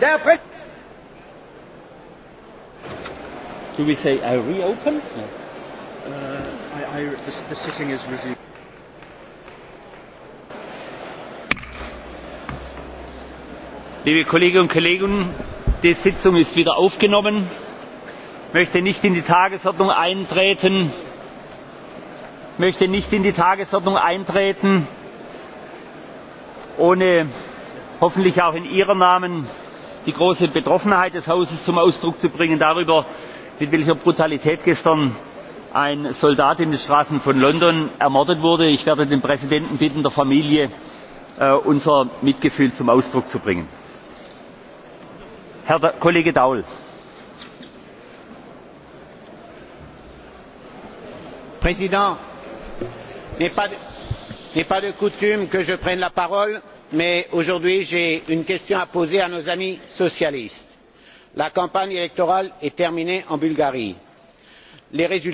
D'après. Do we say I reopen? No. Uh, I, I, the, the sitting is resumed. Liebe Kolleginnen und Kollegen, die Sitzung ist wieder aufgenommen. Ich möchte nicht in die Tagesordnung eintreten. möchte nicht in die Tagesordnung eintreten, ohne hoffentlich auch in Ihrem Namen die große betroffenheit des hauses zum ausdruck zu bringen darüber mit welcher brutalität gestern ein soldat in den straßen von london ermordet wurde. ich werde den präsidenten bitten der familie äh, unser mitgefühl zum ausdruck zu bringen. herr kollege daul! herr präsident! il n'est pas de coutume que je prenne la parole mais aujourd'hui j'ai une question à poser à nos amis socialistes la campagne électorale est terminée en bulgarie les résultats sont